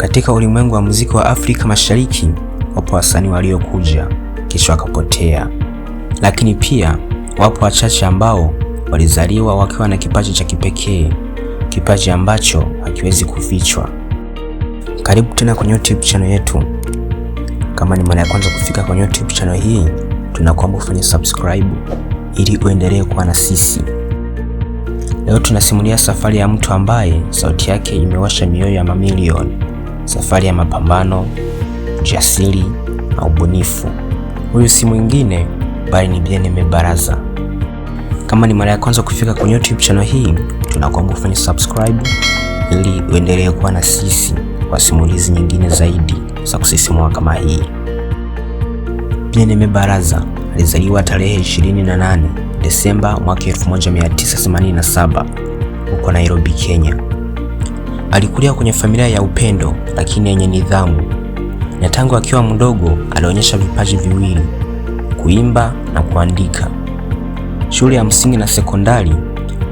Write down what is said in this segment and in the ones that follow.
Katika ulimwengu wa muziki wa Afrika Mashariki wapo wasanii waliokuja kisha wakapotea, lakini pia wapo wachache ambao walizaliwa wakiwa na kipaji cha kipekee, kipaji ambacho hakiwezi kufichwa. Karibu tena kwenye YouTube channel yetu. Kama ni mara ya kwanza kufika kwenye YouTube channel hii, tunakuomba ufanye subscribe ili uendelee kuwa na sisi. Leo tunasimulia safari ya mtu ambaye sauti yake imewasha mioyo ya mamilioni safari ya mapambano, ujasiri na ubunifu. Huyu si mwingine bali ni Bien-Aime Baraza. Kama ni mara ya kwanza kufika kwenye YouTube channel hii, tunakuomba ufanye subscribe ili uendelee kuwa na sisi kwa simulizi nyingine zaidi za kusisimua kama hii. Bien-Aime Baraza alizaliwa tarehe 28 Desemba mwaka 1987 huko Nairobi, Kenya. Alikulia kwenye familia ya upendo lakini yenye nidhamu, na tangu akiwa mdogo alionyesha vipaji viwili, kuimba na kuandika. Shule ya msingi na sekondari,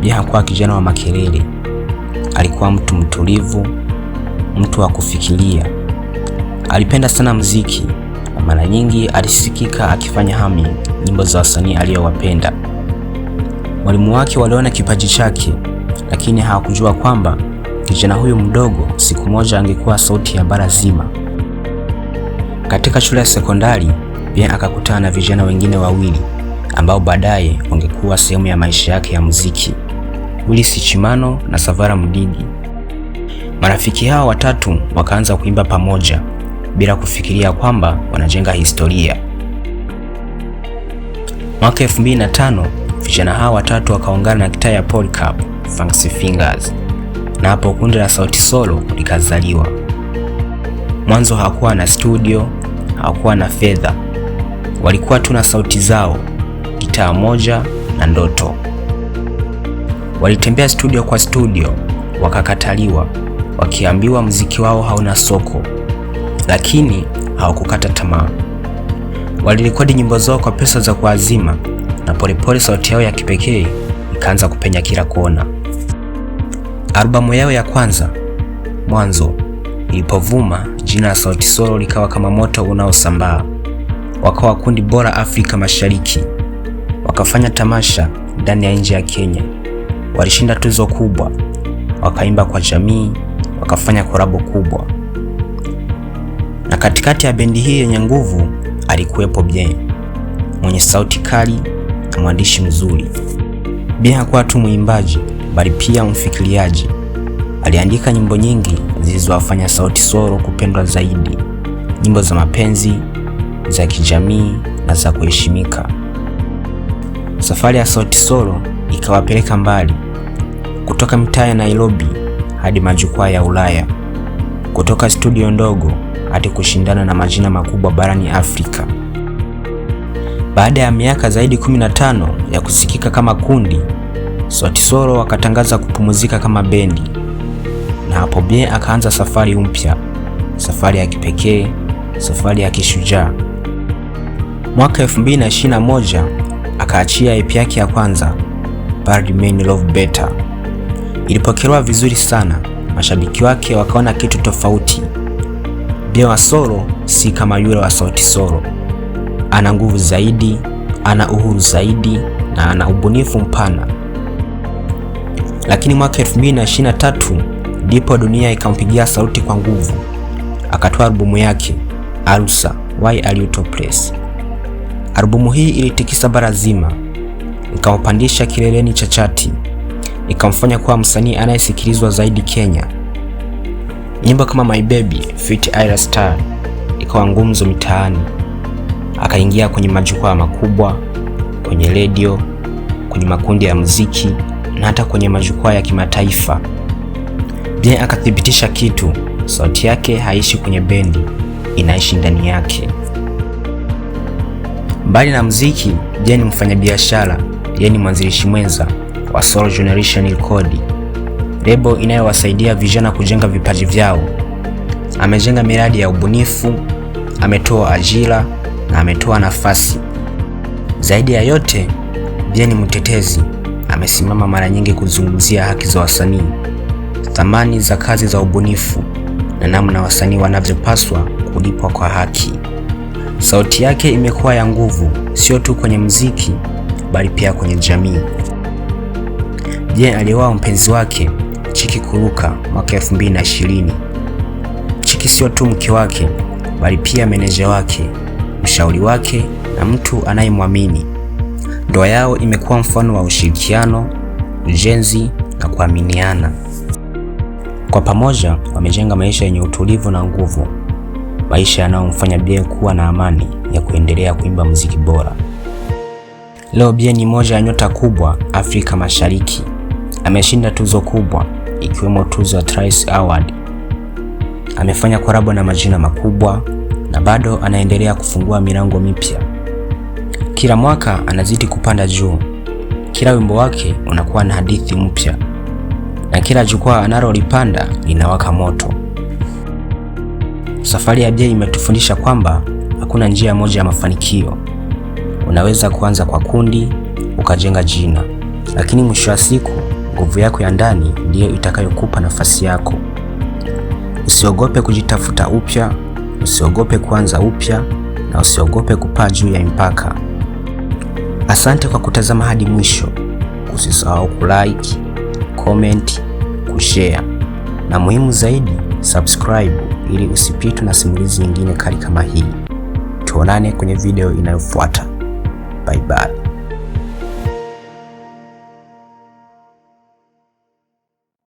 bia hakuwa kijana wa makelele. Alikuwa mtu mtulivu, mtu wa kufikiria. Alipenda sana mziki na mara nyingi alisikika akifanya hami nyimbo za wasanii aliyowapenda. Walimu wake waliona kipaji chake, lakini hawakujua kwamba Kijana huyu mdogo siku moja angekuwa sauti ya bara zima. Katika shule ya sekondari pia akakutana na vijana wengine wawili ambao baadaye wangekuwa sehemu ya maisha yake ya muziki, Willis Chimano na Savara Mdigi. Marafiki hao watatu wakaanza kuimba pamoja bila kufikiria kwamba wanajenga historia. Mwaka 2005 vijana hao watatu wakaungana na kitaa ya Polycarp Fancy Fingers na hapo kundi la Sauti Sol likazaliwa. Mwanzo hakuwa na studio, hakuwa na fedha, walikuwa tu na sauti zao, gitaa moja na ndoto. Walitembea studio kwa studio, wakakataliwa, wakiambiwa mziki wao hauna soko, lakini hawakukata tamaa. Walirekodi nyimbo zao kwa pesa za kuazima, na polepole sauti yao ya kipekee ikaanza kupenya kila kona. Albamu yao ya kwanza Mwanzo ilipovuma, jina la Sauti Sol likawa kama moto unaosambaa. Wakawa kundi bora Afrika Mashariki, wakafanya tamasha ndani ya nje ya Kenya, walishinda tuzo kubwa, wakaimba kwa jamii, wakafanya korabo kubwa. Na katikati ya bendi hii yenye nguvu alikuwepo Bien mwenye sauti kali na mwandishi mzuri. Bien hakuwa tu mwimbaji bali pia mfikiriaji. Aliandika nyimbo nyingi zilizowafanya Sauti Sol kupendwa zaidi, nyimbo za mapenzi, za kijamii na za kuheshimika. Safari ya Sauti Sol ikawapeleka mbali, kutoka mitaa ya Nairobi hadi majukwaa ya Ulaya, kutoka studio ndogo hadi kushindana na majina makubwa barani Afrika. Baada ya miaka zaidi 15 ya kusikika kama kundi Swatisolo wakatangaza kupumzika kama bendi, na hapo Bien akaanza safari mpya, safari ya kipekee, safari ya kishujaa. Mwaka 2021 akaachia EP yake ya kwanza Bad Men Love Better. Ilipokelewa vizuri sana, mashabiki wake wakaona kitu tofauti. Bien wa solo si kama yule wa Sauti Solo, ana nguvu zaidi, ana uhuru zaidi na ana ubunifu mpana lakini mwaka 2023 ndipo dunia ikampigia sauti kwa nguvu, akatoa albumu yake Arusa Why Are You Topless. Albumu hii ilitikisa bara zima, ikampandisha kileleni cha chati, ikamfanya kuwa msanii anayesikilizwa zaidi Kenya. Nyimbo kama My Baby feat Ira Star ikawa ngumzo mitaani, akaingia kwenye majukwaa makubwa, kwenye redio, kwenye makundi ya muziki na hata kwenye majukwaa ya kimataifa. Bien akathibitisha kitu, sauti yake haishi kwenye bendi, inaishi ndani yake. Mbali na mziki, Bien ni mfanyabiashara, yeye ni mwanzilishi mwenza wa Soul Generation Record, lebo inayowasaidia vijana kujenga vipaji vyao. Amejenga miradi ya ubunifu, ametoa ajira na ametoa nafasi. Zaidi ya yote, Bien ni mtetezi amesimama mara nyingi kuzungumzia haki za wasanii, thamani za kazi za ubunifu na namna wasanii wanavyopaswa kulipwa kwa haki. Sauti yake imekuwa ya nguvu, sio tu kwenye muziki, bali pia kwenye jamii. Je, aliyewaa mpenzi wake Chiki Kuruka mwaka 2020. Chiki sio tu mke wake, bali pia meneja wake, mshauri wake na mtu anayemwamini. Ndoa yao imekuwa mfano wa ushirikiano, ujenzi na kuaminiana. Kwa pamoja wamejenga maisha yenye utulivu na nguvu, maisha yanayomfanya Bien kuwa na amani ya kuendelea kuimba muziki bora. Leo Bien ni moja ya nyota kubwa Afrika Mashariki. Ameshinda tuzo kubwa ikiwemo tuzo ya Trace Award. Amefanya korabo na majina makubwa na bado anaendelea kufungua milango mipya. Kila mwaka anazidi kupanda juu, kila wimbo wake unakuwa na hadithi mpya, na kila jukwaa analolipanda linawaka moto. Safari ya Jay imetufundisha kwamba hakuna njia moja ya mafanikio. Unaweza kuanza kwa kundi, ukajenga jina, lakini mwisho wa siku nguvu yako ya ndani ndiyo itakayokupa nafasi yako. Usiogope kujitafuta upya, usiogope kuanza upya, na usiogope kupaa juu ya mpaka. Asante kwa kutazama hadi mwisho. Usisahau kulike, comment, kushare na muhimu zaidi subscribe, ili usipitwe na simulizi nyingine kali kama hii. Tuonane kwenye video inayofuata. Bye bye.